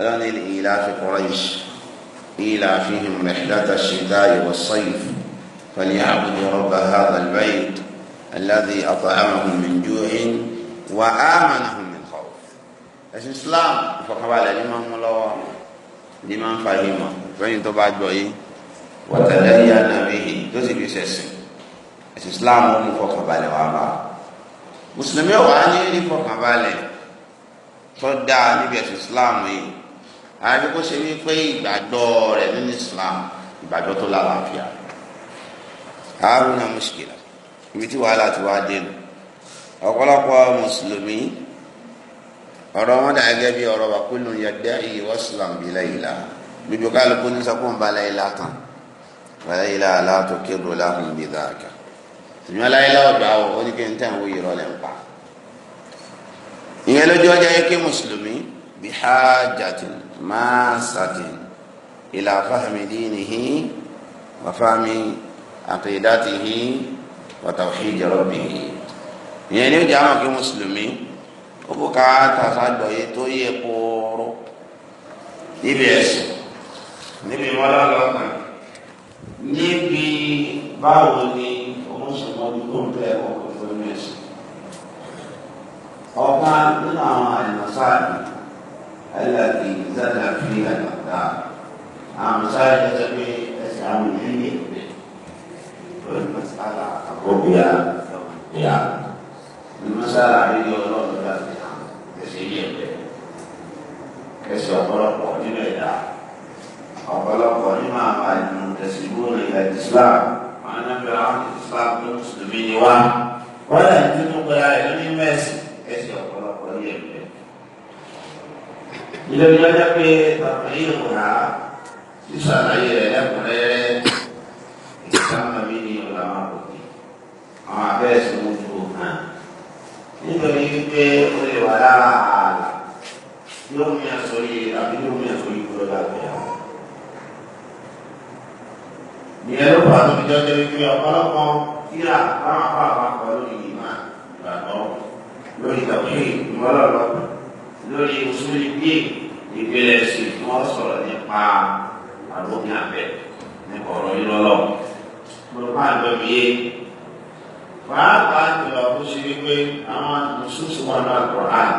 ọlọ́ni ìlà fi Quraysh ìlà fi hìm rihlata ash-shita'i was-sayf falyabudu rabba hadha al-bayt alladhi at'amahum min ju'in wa amanahum min khawf ẹ̀sìn Islam ìfọkànbalẹ̀ ní máa ń mú lọ́wọ́ ní máa ń fa yìí mọ̀ fẹ́yìn tó bá gbọ́ yìí wàtàlẹ́yà nàbẹ́yì tó sì fi ṣẹ̀sìn ẹ̀sìn Islam ó mú fọkànbalẹ̀ wà bá mùsùlùmí ọ̀wá ní ní fọkànbalẹ̀ tó dáa níbi ẹ̀sìn Islam yìí àbí kó ṣe wípé ìgbàgbọ́ rẹ̀ nínú Islam ìgbàgbọ́ tó lálàáfíà haruna mushkila ibi tí wàhálà ti wá dé nù ọ̀pọ̀lọpọ̀ mùsùlùmí ọ̀rọ̀ wọn dàá gẹ́gẹ́ bí ọ̀rọ̀ wàkúlù yẹ̀dẹ́ iye wọ́sùlàm bí láyìlá gbogbo kálukú ní sọ́kùn bá láyìlá tán láyìlá aláàtò kébù láhùn bí dáàkà ṣùgbọ́n láyìlá ọ̀dọ̀ àwọ̀ ó ní kí n tẹ̀ ń wó rọlẹ̀ ń pa. ìyẹn lójú ọjà yẹ kí mùsùlùmí bí hájà tì ماسة إلى فهم دينه وفهم عقيدته وتوحيد ربه يعني يجي عمك مسلمي وبكاتا صدو يتوي قورو يبيس نبي ولا لا نبي باوني ومسلم وبيكون بلاك وكل ميسي ọ̀kan nínú àwọn àìmọ̀sáàdì التي زلت فيها الأقدار عن ساجد بأسعام العلم والمسألة الرؤيا يعني المسألة عندي والله لا تفهم كسيئة كسي أطلق وجب إلى أطلق ولما المنتسبون إلى الإسلام وأنا في عهد الإسلام للمسلمين واحد ولا يمكن قراءة لمن ميسي كسي أطلق وجب ilé ní ọjọ́ pé bàbá yìí ń ra sísọ àlàyé rẹ̀ lẹ́kùnrẹ́rẹ́ ìsàmà mi ní ọ̀la máa kò kí àwọn abẹ́ẹ̀sì mú ju hàn nítorí wípé ó lè wà lára ààlà yóò mú ẹ̀sọ́ yìí àbí yóò mú ẹ̀sọ́ yìí kúrò lábẹ́ àwọn. ìyẹn ló fà tó fi jọjọ wípé ọ̀pọ̀lọpọ̀ kíra báwọn fà wà pọ̀ lórí ìmọ̀ ìgbàgbọ́ lórí ìtàkùn ìmọ̀lọ́lọ́ lórí ìwòsàn ìbí èyí ìpínlẹ̀ sí kí wọ́n sọ̀rọ̀ nípa àrògùn abẹ́ nípa ọ̀rọ̀ yílọ́lọ́ gbogbo àgbẹ̀mí yé pàápàá jùlọ ó ṣe wípé àwọn mùsùlùmí wà náà kọ̀ọ̀án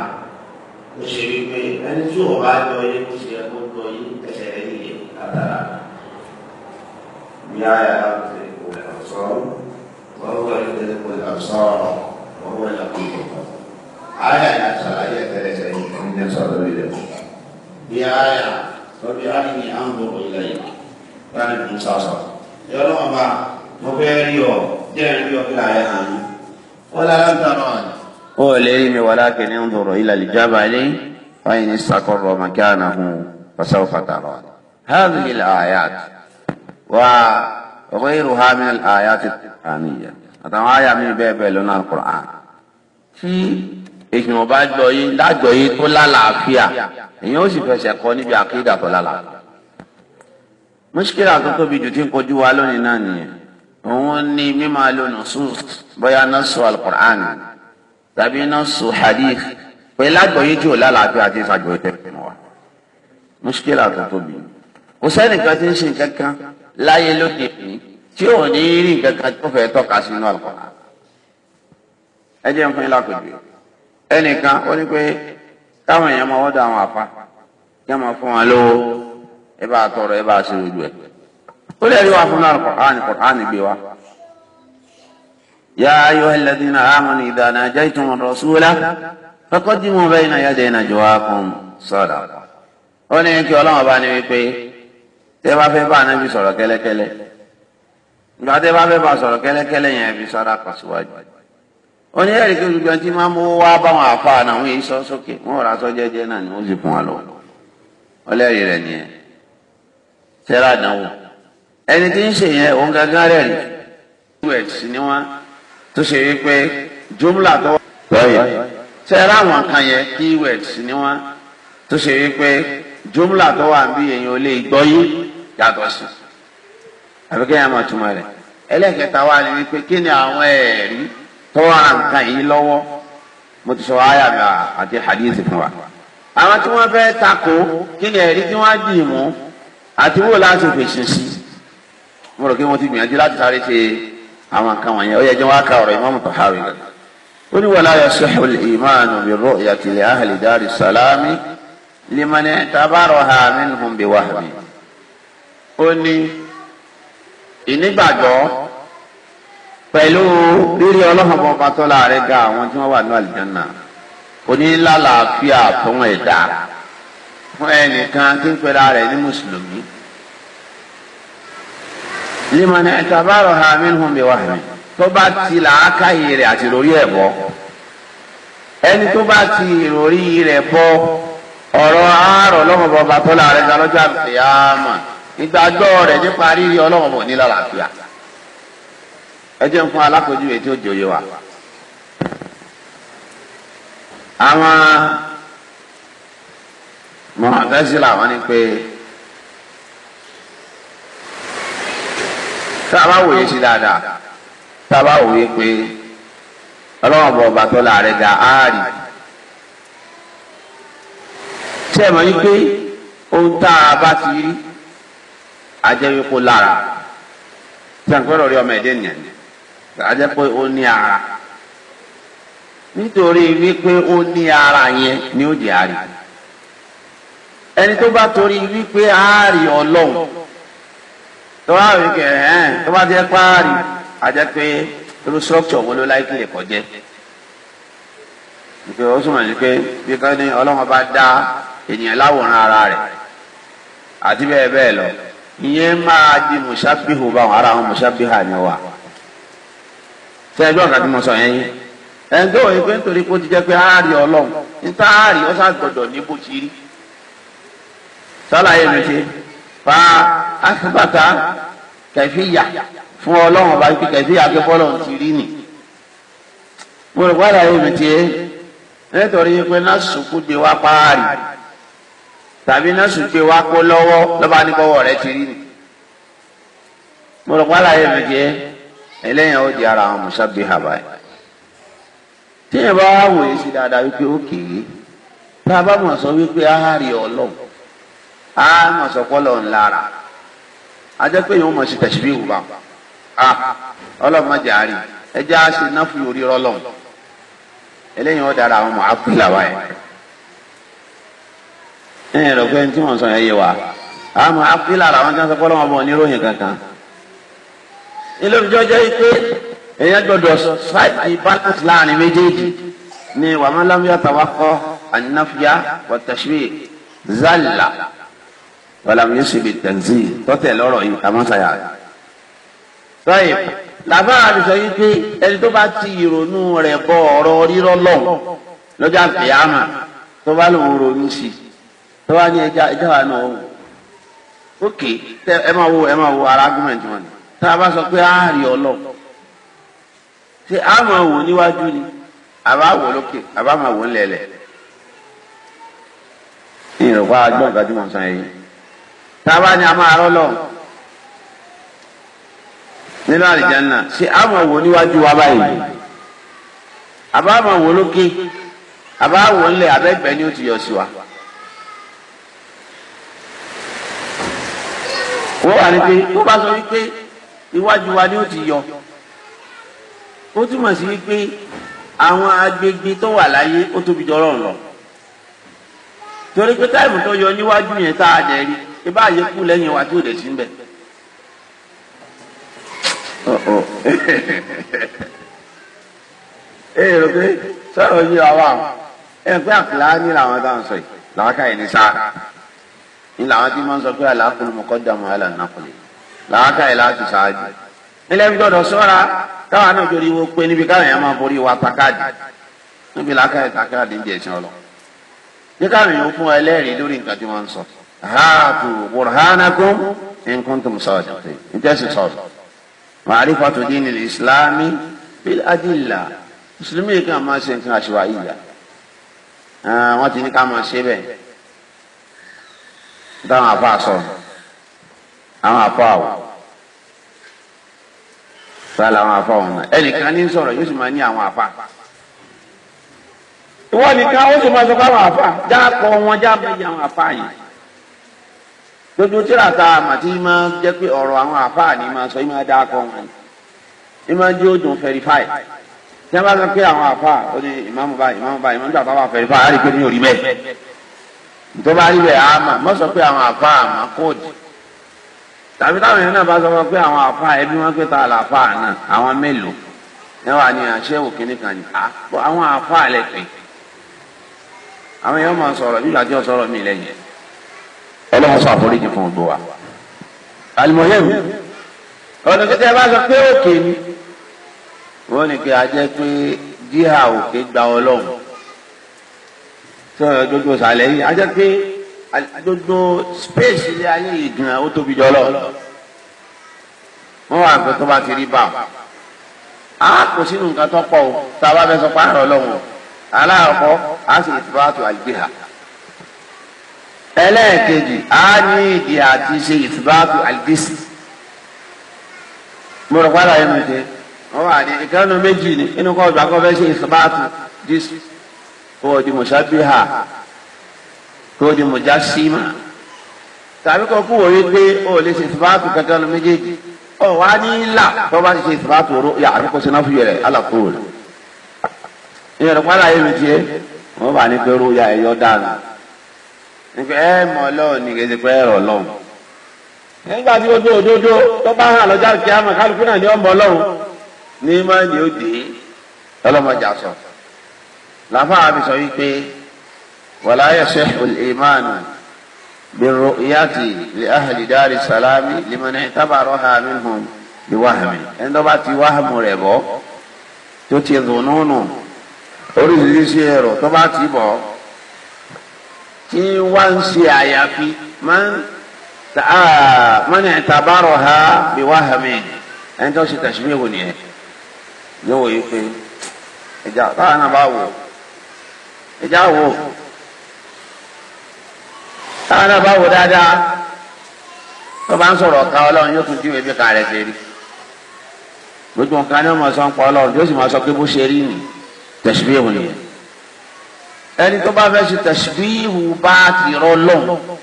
ó ṣe wípé ẹni tí ò bá jọ yé kó ṣe ẹkọ jọ yé ẹsẹ̀ rẹ̀ yé látara bí ayé aláàbò kò lè sọ wọ́n wọ́n lè kò lè sọ wọ́n wọ́n lè kò lè sọ ayé àti àlàyé ẹ̀kẹ́rẹ́ sẹ́yìn ní sọ̀rọ̀ ilẹ̀ kọ̀ọ̀kan. بآية فبأني أنظر إليك كان موسى يا رب مبيريو جيريو بلا يهاني ولا لن تراني وليم ولكن انظر إلى الجبل فإن استقر مكانه فسوف تراني هذه الآيات وغيرها من الآيات القرآنية هذا آية من باب القرآن èèyàn bá jọ yín lájọ yín tó lálàáfíà èèyàn ó sì fẹsẹ̀ kọ níbi àkéèdà tó lálàáfíà. mùṣkílà tó tóbi jù tí ń kojú wa lónìí náà nìyẹn òun ni mímọ lo nusus bóyá nọ́ọ̀sù alukur'an tàbí nọ́ọ̀sù hadith pé lájọ yín tí ò lálàáfíà àti ìsàjọ yín tẹ̀lé wa. mùṣkílà tó tóbi kò sẹ́nìkan tí ń ṣe kankan láyé lóde ìpín tí ò ní rí nǹkan tó fẹ́ tọ́ka sínú àlùkò ẹ jẹ́ ń fún yín lápèjúwe. ẹnìkan ó ní pé táwọn èèyàn máa wọ́dọ̀ àwọn wọn lówó ẹ bá tọrọ ẹ bá ṣe ojú ẹ ó lè rí wa fún náà gbé wa. يا أيها الذين آمنوا إذا ناجيتم الرسول فقدموا بين يدي نجواكم صدقة ó ní kí bá ní wípé bá fẹ́ bá anábì sọ̀rọ̀ kẹ́lẹ́kẹ́lẹ́ ìgbà bá fẹ́ bá sọ̀rọ̀ onye ẹ̀rí kí gbogbo ẹtí ma mú wá afọ àpá na èyí sọ sókè wọn rà ni wọn sì fún wa lọ ọlẹ́rìí rẹ̀ tere tẹ́lá àdánwò ń ṣe yẹn òun gangan rẹ̀ us ni wọn tó ṣe wípé jumla tó lọ́yẹ̀ tẹ́lá àwọn kan yẹn kí us ni wọn tó ṣe wípé jumla tó wà bí tó wà nǹkan yìí lọ́wọ́ mo ti sọ àyà mi àti hadith fún wa. àwọn tí wọ́n fẹ́ takò kí ni ẹ̀rí tí wọ́n dì mú àti wò láti fèsì sí mo rò kí wọ́n ti gbìyànjú láti sáré ṣe àwọn nǹkan wọ̀nyẹn ó yẹ jẹ́ wọ́n á ka ọ̀rọ̀ Imam Tahawi lọ́dọ̀. ó ní wala yasihu al-iman bi ru'yati li ahli dari salami liman tabaraha minhum bi wahmi. ó ní ìnígbàgbọ́ pẹ̀lú rírí ọlọ́run ọba tó láàrẹ ga àwọn tí wọ́n wà ní àlìjánà kò ní lálàáfíà fún ẹ̀dá fún ẹnìkan tí ń pera rẹ̀ ní mùsùlùmí. limani ẹ̀tàbárò ha minhum bi wahmi tó bá ti làákàyè rẹ̀ àti lórí ẹ̀ bọ́ ẹni tó bá ti ìròrí rẹ̀ bọ́ ọ̀rọ̀ àárọ̀ ọlọ́run ọba tó láàrẹ ga lọ́jọ́ àbẹ̀yàmà ìgbàgbọ́ rẹ̀ nípa rírí ọlọ́run ọba ní ẹ jẹ́ ń fún alákòójú èyí tí ó jòyè wa. àwọn mọ̀tẹ́sílà wọn ni pé tá a bá wòye sí dáadáa tá a bá wòye pé ọlọ́wọ́n bọ̀ ọba tó láàrẹ̀ ga áàrì. tí ẹ mọ̀ yí pé ohun tá a bá ti rí ajẹ́ wípé lára tí a ń gbọ́dọ̀ rí ọmọ ẹ̀dẹ́ nìyẹn ni. àjẹ́ pé ó ní ara nítorí wípé ó ní ara yẹn ni ó jẹ́ ẹni tó bá torí wípé àárí ọlọ́run tó bá rí kẹ ẹ tó bá jẹ́ àjẹ́ pé irú structure wo ló láìpẹ́ lè kọjẹ́ ìpè ó ní bá dá ènìyàn láwòrán ara rẹ̀ àti bẹ́ẹ̀ bẹ́ẹ̀ lọ ìyẹn máa di báwọn àwọn ni ṣe ẹjọ́ ọ̀gá tí mo sọ yẹn yìí ẹ̀ńdọ́ òye pé nítorí pé ó ti jẹ́ pé áàrì ọlọ́run níta áàrì ó ṣàgbọ̀dọ̀ ní bó ṣe rí sálàyé mi ṣe fa àfibàtà kẹfíyà fún ọlọ́run bá fi kẹfíyà pé bọ́lọ́run ti rí nì mo rò wá láyé mi ṣe nítorí pé náà sùkú gbé wá páàrì tàbí náà sùn gbé wá kó lọ́wọ́ lọ́ba ní bọ́wọ́ rẹ ti rí nì mo rò mi ẹlẹ́yìn ó di ara àwọn mùsàbí hàbá ẹ̀ téèyàn bá wòye sí dáadáa wípé ó kéré tá a bá mọ̀ sọ wípé áhàrí ọlọ́run á mọ̀ sọ pọ́lọ̀ ńlára a jẹ́ pé yóò mọ̀ sí tẹ̀síbí ìwúbà ma ọlọ́run má ẹ jẹ́ á ṣe náà orí ẹlẹ́yìn ó àwọn mọ̀ ẹ̀ ẹ̀yìn rẹ̀ wa àwọn kankan. ilé ìjọ jẹ́ pé èèyàn gbọ́dọ̀ strike balance láàrin méjèèjì ni wàmúlámúyà tàwákọ́ ànínáfíà wàtàṣíwì zálà wàlámúyà síbi tẹ̀sí tọ́tẹ̀ lọ́rọ̀ yìí àmọ́sáyà. sọ́yì làbá àdìsọ yìí pé ẹni tó bá ti ìrònú rẹ̀ bọ ọ̀rọ̀ rírọ́ lọ́hùn lọ́jọ́ àfẹ́yàmà tó bá lòun ronú sí tó bá ní ẹja ẹja wà náà ó. ókè ẹ máa wo ẹ máa wo ara argument wọn ni tá a bá sọ pé àárí ọlọ́run ṣé a máa wò níwájú ni àbá wò lókè àbá máa wò ńlẹ̀lẹ̀ ní ìrọ̀pá agbọ́n gbajúmọ̀ sàn yìí tá a bá ní a máa rọ́ lọ́run nínú àlìjáná ṣé a máa wò níwájú wa báyìí àbá máa wò lókè àbá wò ńlẹ̀ abẹ́gbẹ́ ni ó ti yọ sí wa. wọ́n wà ní pé tó bá sọ wípé iwájú wa ni ó ti yọ ó túmọ̀ sí wípé àwọn agbègbè tó wà láyé ó tóbi jọrọ̀ lọ torí pé táìmù tó yọ níwájú yẹn tá a dẹ̀ rí ibà yẹ kú lẹ́yìn wa tó dẹ̀ sí ń bẹ̀. ẹ rò pé sọ̀rọ̀ yìí àwa ẹ pé àkùlá ní làwọn tá sọ yìí làwọn káyìí ní sáà ní làwọn tí wọ́n sọ pé àlàáfíà mọ̀kọ́dà mọ̀ àlànà kùlẹ̀ làákàyè láti ṣáájú nílẹ̀ fi gbọ́dọ̀ sọ́ra káwa náà jòrí wo pé níbi káwọn èèyàn máa borí wa takáàdì níbi làákàyè takáàdì ń jẹ ìṣẹ́ ọlọ ní káwọn èèyàn fún wa ẹlẹ́rìí lórí nǹkan tí wọ́n ń sọ haatu burhanakum in kuntum sadiqin ń tẹ́sí sọ̀rọ̀ ma'rifatu dinil islami bil adilla mùsùlùmí yìí kàn máa ṣe nǹkan àṣìwà yìí yá wọ́n ti ní ká máa ṣe bẹ́ẹ̀ àwọn àfa àwọ̀ sáà làwọn àfa ọ̀hún náà ẹnìkan ní sọ̀rọ̀ yóò sì máa ní àwọn àfa ìwọ nìkan ó sì máa sọ fáwọn àfa já kọ wọn já bẹ yẹ àwọn àfa yìí gbogbo tíra ta àmàtí máa jẹ́ pé ọ̀rọ̀ àwọn àfa ni máa sọ ìmáa dá kọ wọn ni máa jẹ́ òdùn fẹ̀rífáì tí wọ́n bá sọ pé àwọn àfa ó ní ìmáàmù báyìí ìmáàmù báyìí ìmáàmù báyìí àbáwá fẹ̀rífáì á rí pé ní orí bẹ́ẹ̀ tó bá rí bẹ́ẹ̀ á mà mọ́ sọ pé àwọn àfa àmà kóòdù tàbí táwọn èèyàn náà bá sọ wọn pé àwọn àfa ẹbí wọn pé ta àlàfà náà àwọn mélòó ẹwà ni àṣẹwò kínní kan ní àpò àwọn àfa àlẹ àwọn èèyàn máa sọ̀rọ̀ bí ìgbàjọ sọ̀rọ̀ mi lẹ́yìn Ọlọ́run sọ àforíjì fún gbogbo wa alimọyẹmí ọdún kẹtẹ bá sọ pé òkè ni wọn ní kí a jẹ pé díhà òkè gba Ọlọ́run tí wọn yọ gbogbo sàlẹ yìí a jẹ pé gbogbo space ilé ayé yìí gan ó tóbi jọlọ wọn wà pé tó bá ti rí bá a kò sínú nǹkan tó pọ̀ o tá a bá fẹ́ sọ pé àárọ̀ lọ́wọ́ aláàkọ́ a sì ti bá tó àgbé ha ẹlẹ́ẹ̀kejì a ní ìdí àti ṣe ìtìbáàtù àlìdísì mo rò padà yẹn mi ṣe wọn wà ní ìkànnì méjì ní inú kọ́ ọ̀dọ́ akọ́fẹ́ ṣe ìtìbáàtù dísì kó o di mọ̀ṣábíhà kó di mọ̀já símà tàbí kan kú wòye pé ó lè ṣe kankan lọ méjèèjì ọ wá ní là tó bá ṣe ìfúbáàtù oró yà àbí kò sinú fúyẹ rẹ alàkó rẹ ìyẹn lọ́pọ̀ àlàyé mi tiẹ̀ bá ní ya ẹ̀yọ́ dànù nígbà ẹ mọ ọlọ́run ní kẹsì pé ẹ̀rọ ọlọ́run nígbà tí ó dó òdodo tó bá hàn lọ́jà kíámà kálukú náà ní ọmọ ní ni ó dé làfáà sọ ولا يصح الإيمان بالرؤية لأهل دار السلام لمن اعتبرها منهم بوهم ẹni bá ti wáhàmù rẹ̀ bọ́ tó ti dùnúnù oríṣiríṣi ẹ̀rọ tó bá ti bọ̀ tí wá ń ṣe àyàfi man i'tabaraha bi wahmin ẹni tó ṣe tàṣímẹ́wò nìyẹn yóò wòye pé ìjà táwọn náà bá wò ìjà wò táwọn náà bá wò dáadáa tó bá ń sọ̀rọ̀ ọ̀ka ọlọ́run yóò tún díwèé bí ká rẹ̀ ṣe rí gbogbo nǹkan ni wọ́n máa sọ ń pa ọlọ́run yóò sì máa sọ pé bó ṣe rí nì tẹ̀síbíhù nìyẹn ẹni tó bá fẹ́ ṣe tẹ̀síbíhù bá ti rọ lọ́hùn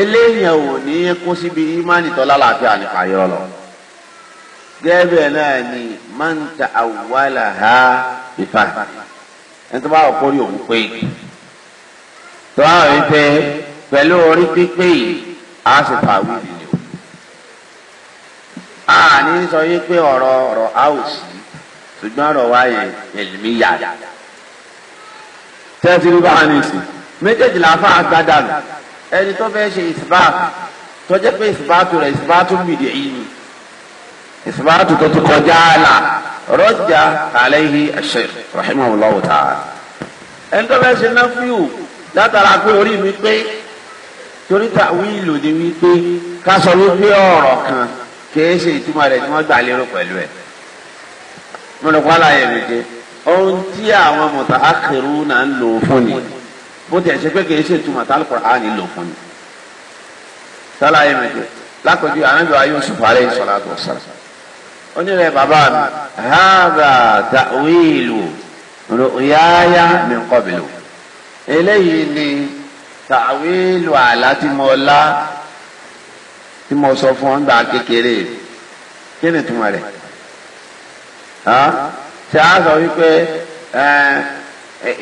eléyàn ò ní kó síbi ìmánì tó lálàáfíà nípa yọ lọ gẹ́gẹ́ náà ni máa ń ta àwàlà ha ìfà ẹni tó bá wà kórìí òun pé tó bá wà wípé pẹ̀lú orí pípé yìí a sì tàwí ìdílé o. a ní sọ yí pé ọ̀rọ̀ ọ̀rọ̀ a ò sí ṣùgbọ́n ọ̀rọ̀ wa yẹn ẹ̀lìmí yá. tẹ́tí ló bá wà ní ìsìn méjèèjì làáfà àgbàdà nù ẹni tó fẹ́ ṣe ìsìbáàtù tó jẹ́ pé ìsìbáàtù rẹ̀ ìsìbáàtù mìdí èyí ni ìsìbáàtù tó ti kọjá àlà rọ́jà àlẹ́hí ẹ̀ṣẹ̀ rahimahullahu ta'ala ẹni tó fẹ́ ṣe náfíù látara pé orí mi pé torí ta'wil lòdì wípé ká sọ wípé ọ̀rọ̀ kan kìí ṣe ìtumọ̀ rẹ̀ tí wọ́n gbà lérò pẹ̀lú ẹ̀ mo lọ pa láyé mi jẹ ohun tí àwọn mutaakhiruna ń lò fún ni bó tiẹ̀ ṣe pé kìí ṣe ìtumọ̀ t'Al-Qur'ani lò fún ni sọláyé mi jẹ lákòjú anábìá Yusuf alayhi salatu wassalam onírẹ̀ bàbá mi hàdà ta'wilu ru'yaya min qablu eléyìí ni tàwílù àlá tí mo lá tí mo sọ fún ọ ń gbà kékeré kí ni túmọ̀ rẹ̀ ṣe á sọ wípé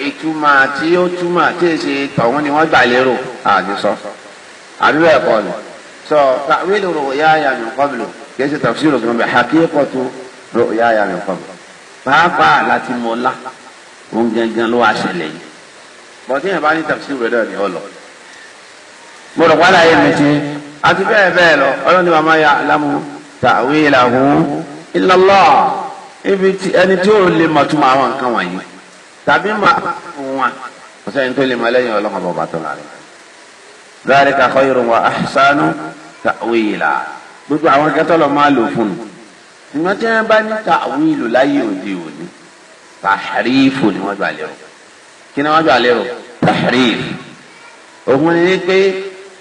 ìtumọ̀ tí ó túmọ̀ tí èsì tọ̀hún ni wọ́n gbà lérò àdìsọ àbí bẹ́ẹ̀ kọ́ ni sọ tàwílù ròyà yàmì kọ́bìlù kì í ṣe tafsiru kan bẹ́ẹ̀ hakíkọ̀tù ròyà yàmì kọ́bìlù pàápàá àlá tí mo lá òun gangan ló wá ṣẹlẹ̀ yìí bọ̀dé yẹn bá ní tafsir rẹ̀ náà ní ọ̀lọ́. mo rọ̀ wálá yẹn mẹ́tí àti bẹ́ẹ̀ bẹ́ẹ̀ lọ ọlọ́ni wa máa ya'lamu ta'wilahu illa Allah ibi ẹni tí ó lè mọ̀ túmọ̀ àwọn nǹkan wọ̀nyí tàbí mọ̀ wọn kò sẹ́yìn tó lè mọ̀ lẹ́yìn ọlọ́kan bọ̀ bàtọ́ rẹ̀. dhalika khayrun wa ahsanu ta'wila gbogbo àwọn akẹ́tọ́ kí ni wọ́n gbà lérò tahrif òun ni pé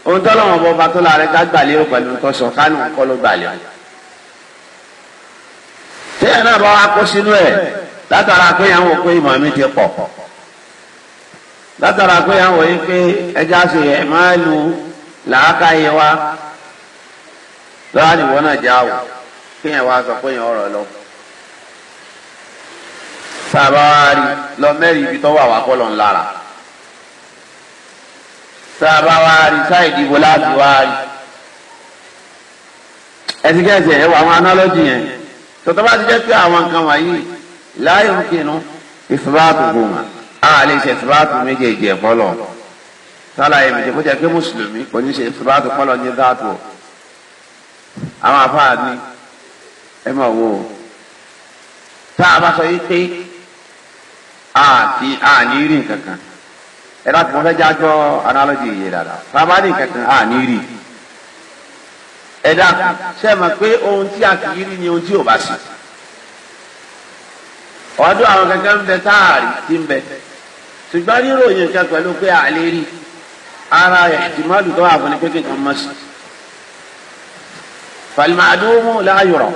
ohun tọ́lọ́wọ́n bọ́ bá tó la rẹ̀ ká gbà lérò pẹ̀lú tọ́sọ̀ kánú kọ́ ló gbà lérò. téèyàn náà bá wa kó sínú ẹ̀ látara pé àwọn òkú ìmọ̀ mi ti pọ̀ látara pé àwọn yìí pé ẹja ṣe ẹ̀ máa lu làákàyè wa lọ́wọ́ àdìwọ́ náà já o kéèyàn wá sọ pé èèyàn ọ̀rọ̀ lọ́wọ́ sàbáwárí lọ mẹ́rin ibi tó wà wá kọ́ lọ ń lára sàbáwárí sáìdì ìbò láti wárí ẹtìkẹ́sì ẹ̀wọ̀ àwọn analogy yẹn tọ́tọ́ bá ti jẹ́ pé àwọn nǹkan wọ̀nyí láyé ń kinu ìfúbáàtù gbòmà á lè ṣe ìfúbáàtù méjèèjì ẹ̀ fọlọ́ sálàyé méjèèjì kó jẹ́ pé mùsùlùmí kò ní ṣe ìfúbáàtù fọlọ́ ní dáàtù ọ̀ àwọn afáàní ẹ máa wò ó tá a bá sọ yìí pé àti ah, àní ah, rí nǹkan kan ẹ láti wọn fẹ́ jájọ́ analogy yìí dáadáa bàbá rí nǹkan kan ah, àní rí ẹ dákun ṣe mọ̀ pé ohun tí a kì í rí ni ohun tí ò bá sí ọdún àwọn kankan ń bẹ táàrí ti ń bẹ ṣùgbọ́n ríròyìn nǹkan pẹ̀lú pé àlè rí ara ìtìmọ́lù tó wà fún ni pé kékan mọ́ sí falimadumu láyọ̀rọ̀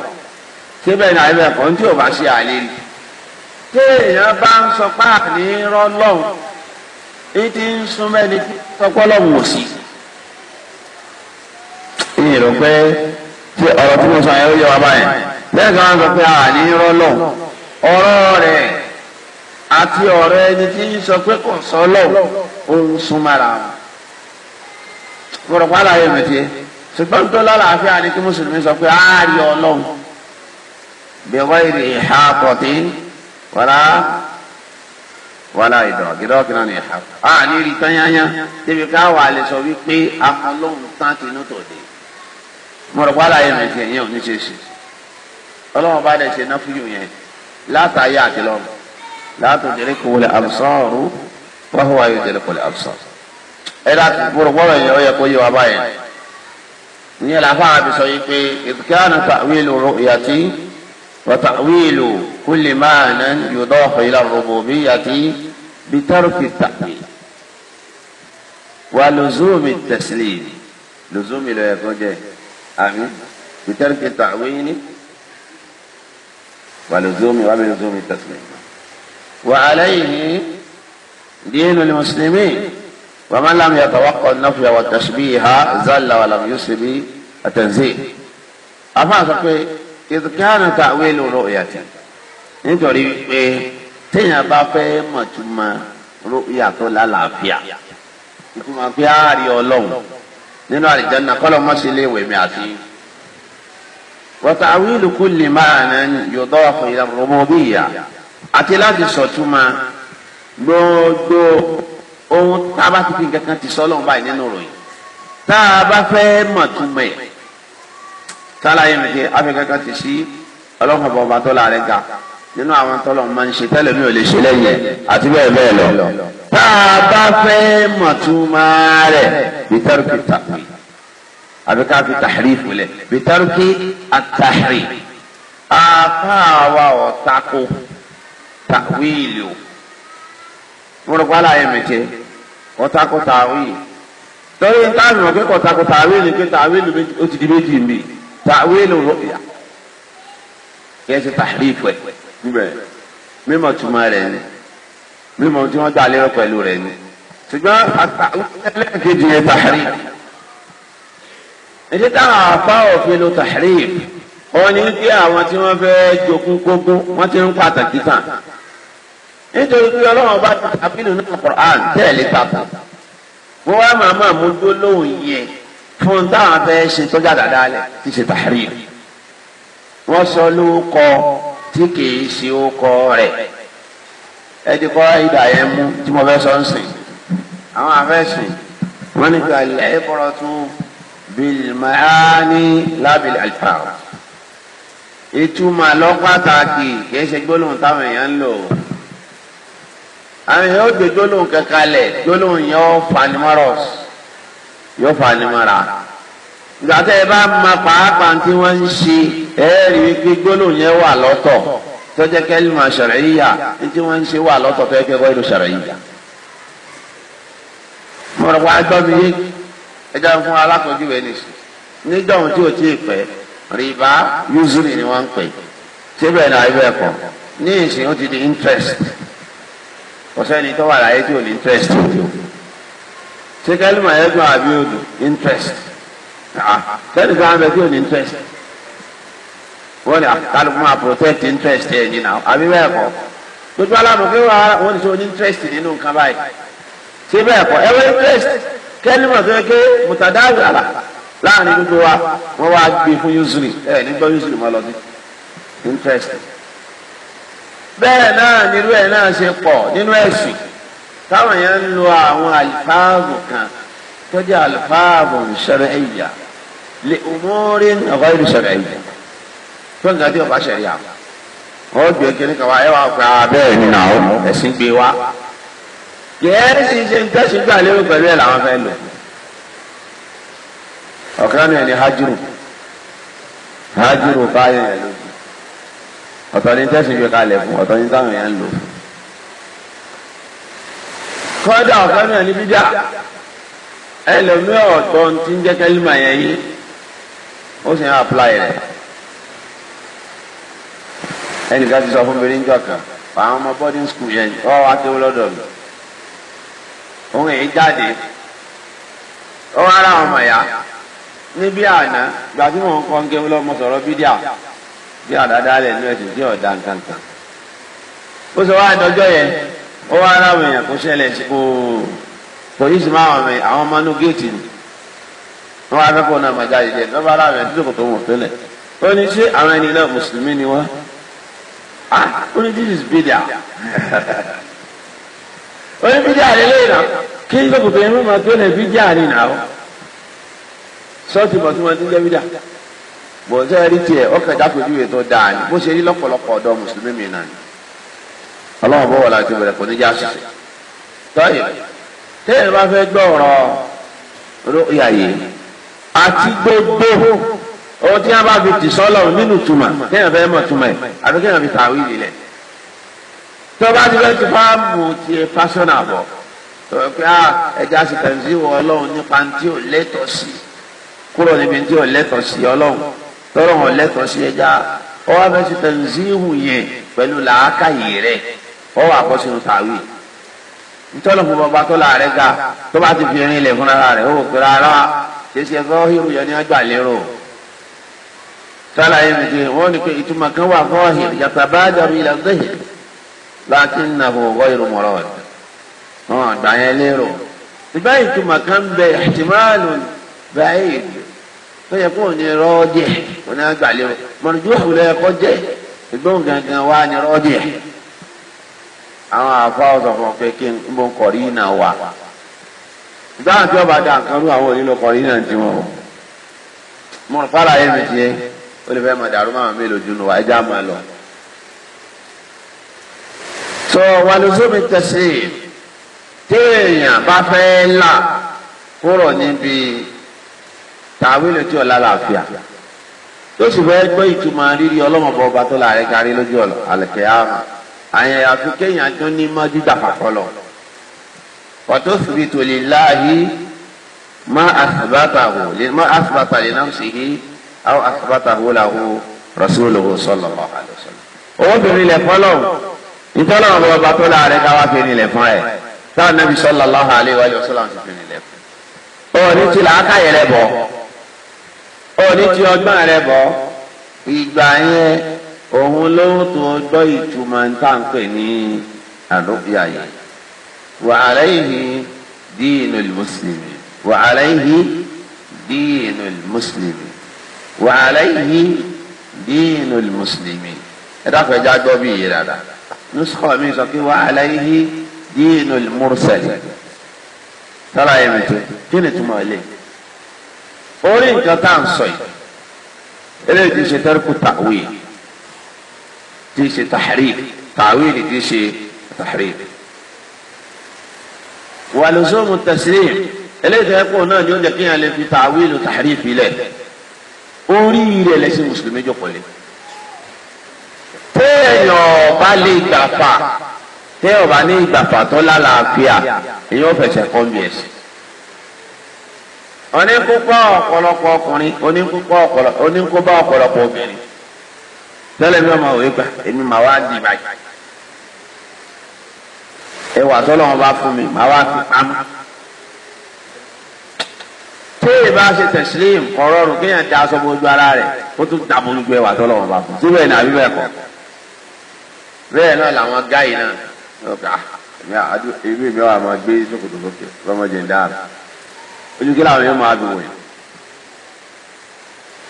síbẹ̀ ní àyẹ̀bẹ̀ kan tí ò bá sí àlè rí téèyàn bá ń sọ páàní rọlọ́hùn èyí tí ń súnmọ́ ẹni tí sọpọ́ lọ́hùn ò sí. ìyẹn ló pé tí ọ̀rọ̀ tí mo sọ yẹn ó yẹ wá báyẹn bẹ́ẹ̀ kan sọ pé àní rọlọ́hùn ọ̀rọ̀ rẹ̀ àti ọ̀rọ̀ ẹni tí ń sọ pé kò sọ lọ́hùn òun súnmọ́ra wọn. mo rọ̀ pálá yẹn mẹ́tì ṣùgbọ́n tó lálàáfíà ni kí mùsùlùmí sọ pé àárí ọlọ́hùn bẹ̀rọ ìrìn ìhà wala wala ìdọ̀ gidọ́ kí náà ní ẹ̀ha a ní rí tányányá débi ká wà lè sọ wípé akọlóhùn tán ti inú tó dé mo rò wàhálà yẹn mẹ̀tì ẹ̀yìn ò ní ṣe ṣe ọlọ́wọ́n bá dẹ̀ ṣe ná fún yìí yẹn látàyè àti lọ́mù látò jẹ́rí kòwòlẹ̀ àbùsọ̀rù wáhùn wáyé jẹ́rí kòwòlẹ̀ àbùsọ̀rù ẹ láti gbọ́dọ̀ gbọ́dọ̀ yẹn ó yẹ kó yé wa báyẹn ìyẹn làfáà àbísọ yìí pé ìdíkẹ́ àná وتأويل كل معنى يضاف إلى الربوبية بترك التأويل ولزوم التسليم لزوم لا يكون آمين بترك التعويل ولزوم ولزوم التسليم وعليه دين المسلمين ومن لم يتوقع النفي والتشبيه زل ولم يسلم التنزيل أفاسك ìtùkánù tàwé lòrò ìyàtì nítorí pé téèyàn bá fẹ́ mọ̀túmọ̀ ìyàtọ̀ lálàáfíà ìtumọ̀ pé àárí ọlọ́run nínú àlìjáná kọ́lọ́ mọ́sí ilé ìwé mi àti. wọ́tàwílù kú lè máa nà yọ̀dọ̀ fún ìlànà bí ìyà àti láti sọ̀túmọ̀ gbogbo ohun tá a kankan ti sọ́lọ́run báyìí nínú ròyìn tá a bá fẹ́ mọ̀túmọ̀ ẹ̀ sálàyé mi ṣe afẹ́kẹ́kẹ́ ti sí ọlọ́pàá bọba tó láàrin ga nínú àwọn tọ́lọ̀ máa ń ṣe tẹ́lẹ̀ mi ò lè ṣe lẹ́yìn àti bẹ́ẹ̀ bẹ́ẹ̀ lọ. tá a bá fẹ́ mọ̀túnmá rẹ̀ bitaruki tàbí àbíká fi tàhírífù lẹ̀ bitaruki àtàhírí. àfáàwà ọ̀tako tàwíìlì o. mo rò pálá yẹn mẹ́tẹ́ ọ̀tako tàwíìlì. lórí táàmì ọ̀kẹ́kọ̀ọ́ tako tàwíìlì pé tàwíìlì ó ti di méjì mi tàwílù rọ́yà kìí ṣe tàhírífù ẹ̀ níbẹ̀ mímọ̀ túmọ̀ rẹ̀ ni mímọ̀ tí wọ́n gbà lérò pẹ̀lú rẹ̀ ni ṣùgbọ́n ẹlẹ́ẹ̀kejì yẹn tàhírífù ètò táwọn afá òfin ló tàhírífù wọ́n ní kí àwọn tí wọ́n fẹ́ jogún gógún wọ́n ti ń pàtàkì tán nítorí pé ọlọ́run bá ti tàbílù náà Qur'an tẹ̀lé tàbí wọ́n wá màmá mú dó lóhùn yẹn fún táwọn fẹ́ ṣe tọ́jà dáadáa lẹ̀ ti ṣe tàhírí wọ́n sọ lóko tí kìí ṣe ókọ rẹ̀ ẹ ti kọ́ ìdà yẹn mú tí mo fẹ́ sọ ń sìn àwọn afẹ́sìn wọ́n ní ká ilẹ̀ kọ́rọ̀ tún bìlmáàní lábìlì àlùfà ìtumọ̀ lọ́pàtàkì kìí ṣe gbólóhùn táwọn èèyàn ń lò àwọn èèyàn ó gbé gbólóhùn kankan lẹ̀ gbólóhùn yẹn ó fanimọ́rọ̀sì yóò fa ni mọ́ra ìgbà tẹ́ ẹ bá ma pàápàá tí wọ́n ń ṣe ẹ rí wípé gbólóhùn yẹn wà lọ́tọ̀ tọ́jẹ́ kẹ́lìmà ṣàrẹ̀yà tí wọ́n ń ṣe wà lọ́tọ̀ tọ́jẹ́ kẹ́kọ́ ìlú ṣàrẹ̀yà. mo rọ̀ wá gbọ́ mi yé ẹja fún alákọ̀ọ́jú ẹ̀ nìṣẹ́ nígbàwọn tí o ti pẹ́ rìbá yúzúrì ni wọ́n ń pè síbẹ̀ náà ibẹ̀ kọ̀ ní ìsìn ó ti di interest kò sẹ́ni tó wà láyé tí ò ní interest tó ti o ṣé kẹ́lìmọ̀ yẹn dùn àbí odò interest kẹ́lìmọ̀ kan bẹ tí ò ní interest wọ́n ní ah, kálukú máa protect interest ẹ̀ nínú àbí bẹ́ẹ̀ kọ́ gbogbo aláàbò pé wọ́n ní sọ ní interest nínú nǹkan báyìí ṣé bẹ́ẹ̀ kọ́ ẹ wọ́n interest kẹ́lìmọ̀ tó yẹ ké mùtàdáàbì àlà láàrin gbogbo wa wọ́n wá gbé fún usury ẹ̀ nígbà usury mọ́ lọ interest bẹ́ẹ̀ náà nírú ẹ̀ náà ṣe pọ̀ nínú ẹ̀sìn táwọn yẹn ń lo àwọn àlìfáàbù kan tó jẹ́ àlìfáàbù shar'iyya li umurin ghayri shar'iyya tó ń gàdí ọba ṣẹ̀ríà wọ́n gbé kíní kan wá ẹ wá pé abẹ́rẹ́ ah, nínú àwọn ẹ̀sìn gbé wá gẹ̀ẹ́sì ṣe ń tẹ́sí gbà lérò pẹ̀lú ẹ̀ làwọn fẹ́ lò ọ̀kan náà ni hajuru hajuru báyọ̀ yẹn ọ̀tọ̀ ni tẹ́sí gbé kalẹ̀ fún ọ̀tọ̀ ni táwọn yẹn lò fún kọ́dà ọ̀kan náà ní bídà ẹlòmíì ọ̀tọ̀ ti ń jẹ́ kẹ́límà yẹn yín ó sì ń apply rẹ̀ ẹnìkan ti sọ fún mi níjọ́ kan àwọn ọmọ boarding school yẹn ọ wá kéwọ́ lọ́dọ̀ mi òun èyí jáde ó wá ra àwọn ọmọ ya níbi àná gba tí mò kọ́ ń lọ́mọ sọ̀rọ̀ bídíà bí àdáda rẹ̀ ní ẹ̀sìn tí ọ̀dà nǹkan kan ó sọ wá ìdọ́jọ́ yẹn. ó wá ala èèyàn kó ṣẹlẹ̀ sí kó pọ̀lísì máa wà mí àwọn ọmọ inú géètì ni wọ́n wá fẹ́kọ̀ọ́ náà máa jáde díẹ̀ lọ́ba aláàbẹ̀ tí kò tó wọ̀ tẹ́lẹ̀ ó ní ṣé àwọn ẹni náà mùsùlùmí ni wọ́n ah, ó ní this is bidia ó ní bidia lélẹ̀ iná kí n lókùtò yẹn máa tó lẹ̀ bidia ni nà sọ́ọ̀tì bọ̀ tí ti jẹ́ bidia bọ̀ sẹ́ẹ̀rì tiẹ̀ ọkàn ọlọ́run bọ̀ wọ̀ láti bẹ̀rẹ̀ kò ní já sí. tọ́yì téèyàn bá fẹ́ gbọ́ ọ̀rọ̀ róòyà yìí àti gbogbo ohun tí wọ́n bá fi tì sọ́lọ̀ nínú tuma téèyàn fẹ́ mọ̀ tuma yìí àbí kéèyàn fi tàwí yìí lẹ̀. tó bá ti fẹ́ ti fá mú tiẹ̀ fásánà bọ̀ tó o pé ẹja sì tẹ̀sí wọ ọlọ́run nípa tí ò lẹ́tọ̀ọ́ sí kúrò níbi tí ò lẹ́tọ̀ọ́ sí ọlọ́run tọ́rọ̀ wọn lẹ́tọ̀ọ́ sí ẹja ọwọ́ fẹ́ ti tẹ̀sí hù yẹn pẹ̀lú làákàyè rẹ̀. ọ wà bọ́ sínú tàwí ntọ́lọ̀ bàbá tó ga tó bá ti fi rin ilẹ̀ fúnra rẹ̀ ó wò rárá ṣeéṣe yẹn ni wọ́n lérò sálàyé mi ti wọ́n ní pé ìtumọ̀ kan wà fọ́ọ̀hìrù yàtọ̀ bá dàbí ilẹ̀ gbẹ̀hìn láti ń nà mọ̀rọ̀ gbà yẹn lérò ìgbà ìtumọ̀ kan bẹ ìtìmáàlù tó yẹ kó ní àwọn àfa ọ̀sọ̀fọ̀ pé kí n kọ̀rí náà wà ìgbàhàn tí ọba dá nǹkan rú àwọn onílò kọ̀rí náà ti wọn mo rò fara yé mi ti yé ó lè fẹ́ mọ dàrú máa mi lójú nù wá máa lọ. sọ tẹ̀sí téèyàn bá fẹ́ là kúrò níbi tàwílò tí ọ̀la làáfíà sì àyẹ̀ àfi kéèyàn tún ní mọ́jú dàpà fọlọ̀ ọ̀tọ́ sùbìtò lè láàyè má àsìbátàwò má àsìbátà lè náà sì yí àwọn àsìbátàwò làwọn Rasuluhu sallallahu alaihi wasallam. owó bìnrin ilẹ̀ fọlọ̀ ìtọ́nà àwọn ọba tó láàrin káwá bìnrin ilẹ̀ fún ẹ̀ táwọn Nabi sallallahu alaihi wasallam ti bìnrin ilẹ̀ fún. òní ti làákàyè òun ló tó gbọ́ ìtumọ̀ táǹpẹ̀ ní àlùkìyà yìí wà alayhi dinul muslimi wà alayhi dinul muslimi wà alayhi dinul muslimi ẹ dákun ẹja gbọ́ bí yìí dada nusukọ mi sọ pé wà alayhi dinul mursali tọ́lá yẹn mi tó kí ni túmọ̀ ilé orí nǹkan tá à ń sọ yìí eléyìí ti ṣe tẹ́rù kú tàwé tí í ṣe tahrif tàwíìlì tí í ṣe tahrif. wà lóṣooṣù taslim eléyìí tẹ́ kó náà ni ó jẹ́ kí yẹn lè fi tàwíìlì tahrif lẹ̀ orí rẹ̀ lẹ́sìn mùsùlùmí jókòó lé. téèyàn bá lè gbà fà téèyàn bá ní ìgbà fà tó lálàáfíà èyàn fẹsẹ̀ kọ́ mi ẹ̀sìn ọkùnrin oníkópa ọ̀pọ̀lọpọ̀ obìnrin lọ́lẹ̀ mi ọmọ òwe gbà èmi màá wá di báyìí ẹwà tọ́lọ́wọ́n bá fún mi màá wá fi pamọ́ téè bá ṣe tẹ̀sílẹ̀ kéèyàn ó tún gbé fún síbẹ̀ ní kọ́ bẹ́ẹ̀ náà làwọn náà ọ̀gá mi wà máa gbé lọ́mọdé ń dára ojú kí làwọn yóò máa dùn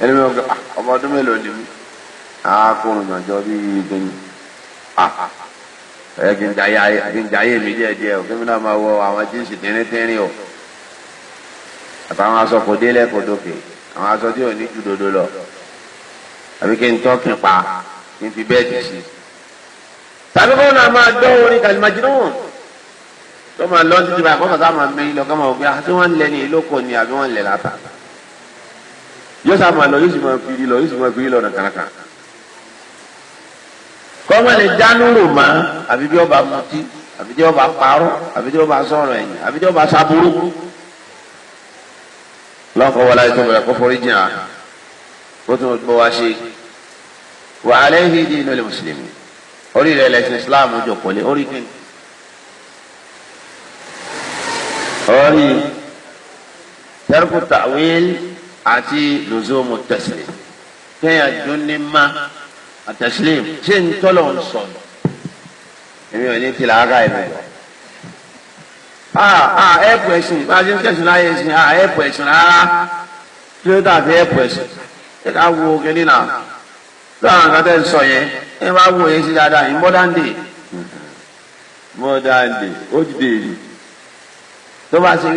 ẹni mi ah, ọmọ ọdún mélòó akórun jọjọ bí ìgbìn ẹ kì í jayé mi díẹ̀ díẹ̀ òkè mi náà máa wọ àwọn jíǹsì tínrìntínrìn o àtàwọn aṣọ kò délẹ̀ kò dókè àwọn aṣọ tí ò ní ju dodo lọ àbí kí n tọ́kìn pa kí n fi bẹ́ẹ̀dì sí tàbí kó náà máa gbọ́ orin kàlímàjìnnú tó máa lọ títí báyìí kó kàtà máa mẹ́yìn lọ ká máa gbé àti ah, wọ́n ń lẹ ní ìlókò ni àbí wọ́n ń lẹ látà yóò sá máa lọ yóò sì máa fi rí lọ yóò sì máa fi lọ ọ̀nà kọ́mọ lè dánú rò mọ́ àbí bí ọba mutí àbí bí ọba parọ́ àbí bí ọba sọ̀rọ̀ ẹ̀yìn àbí bí ọba sábúrú. lọ́kọ̀ wọlé tó bẹ̀rẹ̀ kó forí jìn à kó tó gbọ́ wá ṣe wà á lẹ́yìn ìdí inú ilé mùsùlùmí orí rẹ̀ lẹ́sìn Islam jòkó lé orí kí orí tẹ́rùkù tàwíl àti lùzọ́mù tẹ̀sílẹ̀ kéèyàn dún ní má. àtẹ̀sílẹ̀ ṣé ń tọ́lọ̀ ń sọ èmi ò ní ti ah, ah, a ẹ̀pù ẹ̀sìn a ń láyé ẹ̀sìn a ẹ̀pù ẹ̀sìn rárá kí ló dàbí ẹ̀pù ẹ̀sìn ká wo náà lọ́wọ́ àwọn ń sọ yẹn modern day modern day old day tó bá pé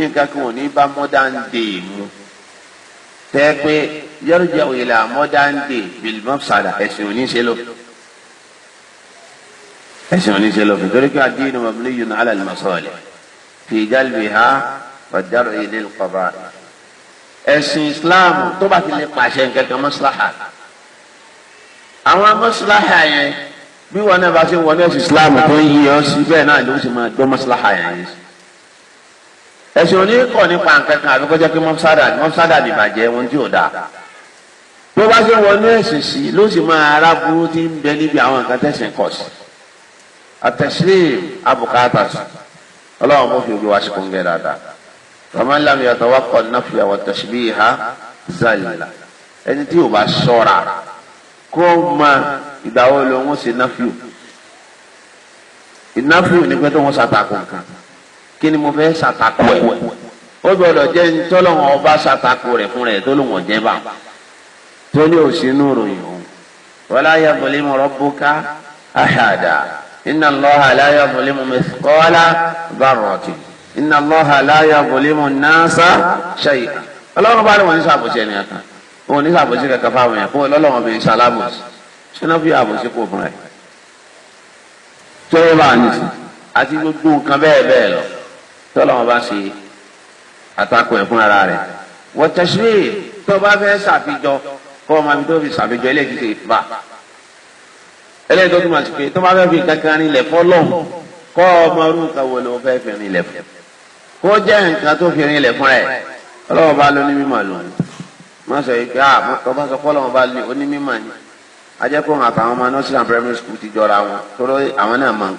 nǹkan kan ò modern day mu. tẹ́ pé yọrùjẹ́ òyìnlá modern day bill mọ́sàdà ẹ̀sìn oníṣẹ́ lọ. ẹ̀sìn oníṣẹ́ lọ fi torí pé àdínú mọ̀mílì yìí nàá àlàlì mọ̀sọ́ọ̀lì fi jálùbí ha ọ̀dàrọ̀ ilé kọba. ẹ̀sìn Islam tó bá ti lè pàṣẹ nǹkankan mọ́sálàhà. àwọn mọ́sálàhà yẹn bí wọn náà bá ti wọlé ẹ̀sìn Islam tó ń yí ọ sí bẹ́ẹ̀ náà ló sì máa gbọ́ mọ́sálàhà yẹn sí ẹ̀sìn oníkọ̀ nípa nǹkan kan àbí kọjá pé mọ́sádà mọ́sádà ní ìbàjẹ́ ohun tí ò dáa bí ó bá ṣe wọnú ẹ̀sìn sí ló sì máa ara burú tí ń bẹ níbi àwọn nǹkan tẹ̀sìn kọ̀ sí àtẹ̀sílẹ̀ abùkátà sí ọlọ́run mọ́ fi ojú wa ṣekú ń gẹ dáadáa faman lam yatawaqqal nafya wa tashbiha zalla ẹni tí ò bá ṣọ́ra kó ma ìgbà wo lòun ṣe náfíù ìnáfíù ní pẹ́ tó wọ́n ṣàtàkùn kan kí ni mo fẹ́ ṣàtakò ẹ̀ ó gbọ́dọ̀ jẹ́ ntọ́lọ́wọ́n ọba ṣàtakò rẹ̀ fún rẹ̀ tó ló wọ̀n jẹ́ bá tó ní òsínú ròyìn òun. wala yazlimu rabbuka ahada inna Allaha la yazlimu mithqala dharratin inna Allaha la yazlimu an-nasa shay'an. ọlọ́run bá lóun ní sàbòsí ẹni kan òun ní sàbòsí kankan fáwọn yẹn fún ọlọ́run bíi sàlámùsì sínú fi àbòsí kò fún rẹ̀. tó bá a nìsí àti gbogbo nǹkan bẹ́ẹ̀ bẹ́ẹ̀ lọ tọ́lọ́wọ́n bá ṣe àtakò ẹ̀ fún ara rẹ̀ wọ́n tẹ̀síwé tó bá fẹ́ ṣàfijọ́ kọ́ ọmọ mi tó fi ṣàfijọ́ eléyìí ti fà eléyìí tó túmọ̀ sí pé tó bá fẹ́ fi kankan rinlẹ̀ fọ́lọ́ kọ́ ọmọ orúkọ wo ló fẹ́ fi rinlẹ̀ fún kó jẹ́ nǹkan tó fi rinlẹ̀ fún rẹ̀ ọlọ́wọ́n bá ló ní mímọ̀ lónìí má sọ yìí pé ah ọba sọ pé bá ló ní mímọ̀ ni ajẹ́kọ̀ọ́ àtàwọn ọmọ nọ́ọ̀sì and primary school ti jọra wọn tó àwọn náà mọ̀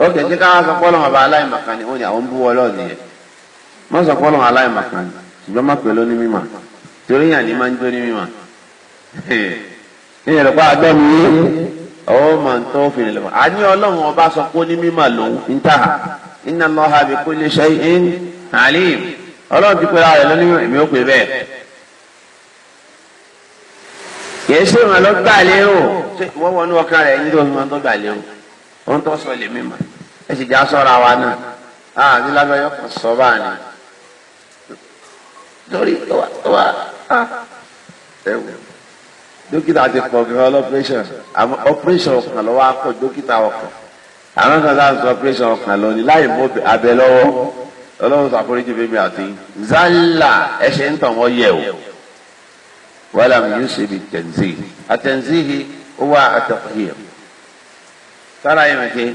oke kẹ̀ jẹ́ ká sọ pọ́lọ́ ọba aláìmọ̀kan maka na ní àwọn ń bú ọlọ́ọ̀ nìyẹn má sọ pọ́lọ́ aláìmọ̀kan ni ṣùgbọ́n má pè lóní mímọ̀ torí yàn ní máa ń jó ní mímọ̀ ní a ní ọlọ́run ọba sọ pé ó ha mímọ̀ ha ń tà ha Allaha bi kulli shay'in alim ọlọ́run ti pẹ́ ohun tó sọ lèmi mọ̀ ẹ sì já sọ́ra wa náà àti lágbàáyọ̀ kan sọ bá ní. torí wa ẹ wò dókítà ti pọ̀ kí wọ́n lọ́pẹ́ṣọ̀n ọpẹ́ṣọ̀n ọkàn lọ́wọ́ akọ dókítà ọkàn àwọn kan sáà ń sọ ọpẹ́ṣọ̀n ọkàn lọ́ni láì mú abẹ lọ́wọ́ ọlọ́run sàforíjì bèbí àti zálà ẹ̀ṣẹ̀ ń tàn wọ́n yẹ̀ o wàhálà mi yóò ṣe bí tẹ̀nzíhì àtẹ̀nzíhì ó wà àtẹ̀kùhìyẹ̀ sára yẹn mẹ̀kẹ́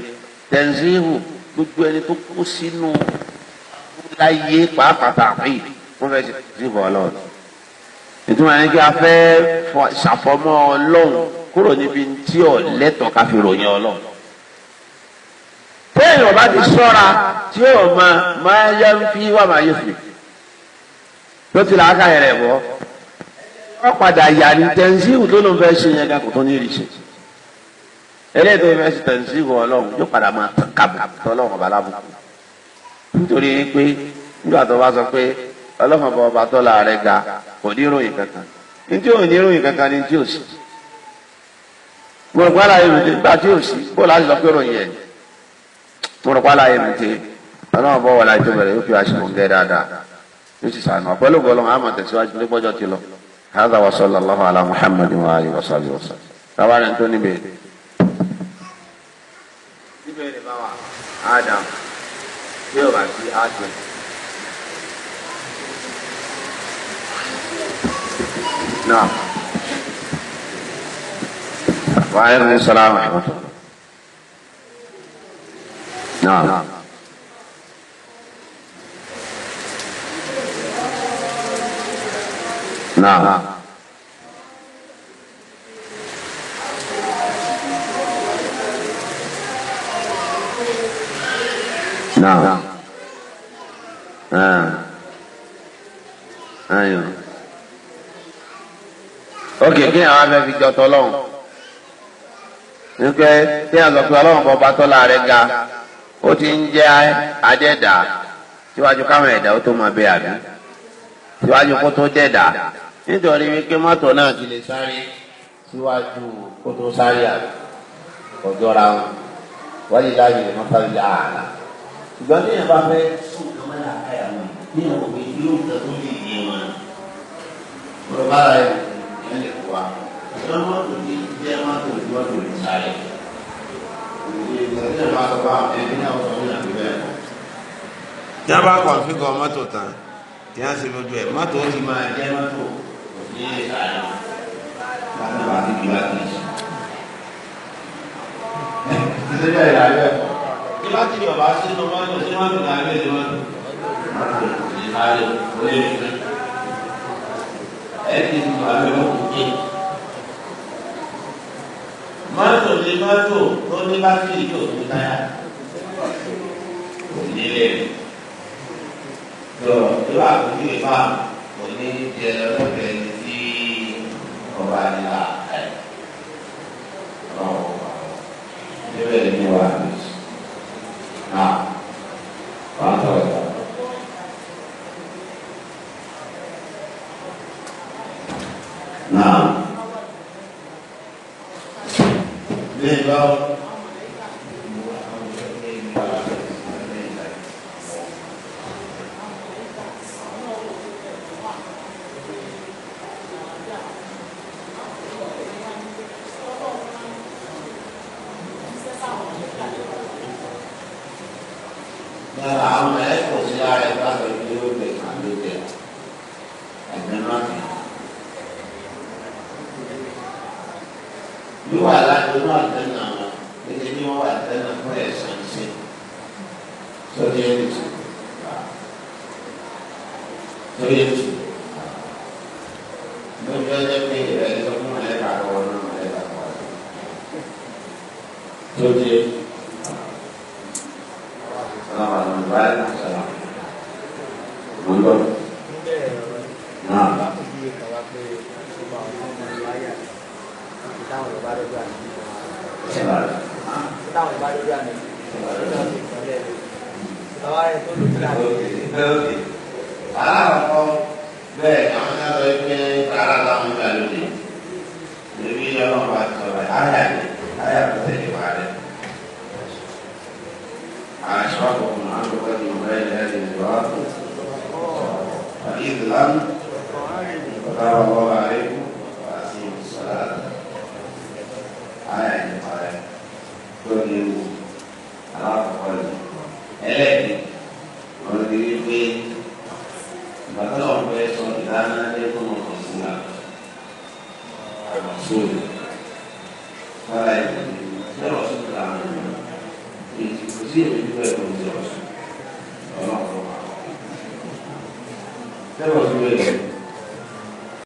tẹ̀síhù gbogbo ẹni tó kú sínú láyé pàápàá tààpín wọ́n fẹ́ tẹ̀síhù ọlọ́run ìtumọ̀ ẹni kí a fẹ́ ṣàfọmọ́ ọlọ́run kúrò níbi tí ò lẹ́tọ̀ọ́ ká fi ròyìn ọlọ́run téèyàn bá ti sọ́ra tí ó mọ máa yá ń fi wà máa yẹ fi ló ti là á ká yẹrẹ bọ́ ọ padà yà ní tẹ̀síhù tó ló ń fẹ́ ṣe yẹn ká kò tó ní ìrìṣẹ́ eléyìí tó fẹ́ sítẹ̀ sí ìwọ ọlọ́run yóò padà máa tàn kábù tọ́lọ́run ọba lábùkù nítorí pé nígbà tó bá sọ pé ọlọ́run ọba ọba tọ́lá rẹ̀ ga kò ní ìròyìn kankan ní tí ò ní ìròyìn kankan ní tí ò sí mo rò pálá yẹn mìtì nígbà tí ò sí bó láti lọ pé yẹn mo rò pálá yẹn mìtì ọba wọlé àjọ bẹ̀rẹ̀ yóò fi aṣọ òun dáadáa yóò sì sànù هذا وصلى الله على محمد وآله وصحبه وسلم. طبعا أنتوني بيه. Adam tí ó bá sí Adam. Náà. وعليكم السلام ورحمة الله نعم نعم now. Ah. kí àwọn abẹ́ fi jọ tọ́lọ́hùn. Nígbà tí a sọ pé ọlọ́run bọba tọ́lá rẹ̀ ga, ó ti ń jẹ́ adẹ́dà síwájú káwọn ẹ̀dá ó tó máa bẹ àbí. Síwájú kó tó Nítorí wípé mọ́tò náà ti lè sáré síwájú kó tó sáré àbí. Wọ́n ṣùgbọ́n tí yẹn bá fẹ́ fún nǹkan mọ́lá àkáyà wọn ní àwọn òwe yóò nǹkan tó lè yé wọn. ọ̀rọ̀ bá ara yẹn yẹn lè kó wa ọ̀rọ̀ wọn kò ní jẹ́ wọn kò ní wọn kò ní sáré. ìgbàlódé máa sọ fún ẹbí náà sọ fún ìyàgbé ṣe gbogbo ẹ̀ ti máa jẹ́ mọ́tò láti ní ọba sínú mọ́tò sí mọ́tò náà ilé ìlú mọ́tò ní sáré olè ìfẹ́ ẹ ti sùn abẹ́ mọ́tò jẹ́ mọ́tò ní mọ́tò tó ní bátìrì tó ní táyà nílé lọ ìwà àkójú ìfà kò ní jẹ lọ́dọ̀ọ́dẹ sí ọba nílà ẹ̀ ọ̀rọ̀ ọ̀rọ̀ níbẹ̀ ni wà á bí. well ముందు aláàkọ́ bẹ́ẹ̀ àwọn náà lọ pé tààrà táwọn gbà lóde lórí ọlọ́run bá ti sọ̀rọ̀ ayà ni ayà kò tẹ̀lé wà rẹ̀. àṣọ àkọ́kọ́ máa ń lọ́kọ́ ní ọ̀rẹ́ ìlẹ́yìn ìwà ọ̀tún. فإذ Islam, فتاب الله عليكم فأقيموا الصلاة آية قال كل على قول ẹlẹ́ẹ̀kì ọ̀rọ̀ ti rí pé bàtàlà ọ̀pẹ sọ ìdáná jẹ́ kó mọ̀ kàn sí náà àgbà sóòlù fara ìlú lọ́rọ̀ Hello, everybody.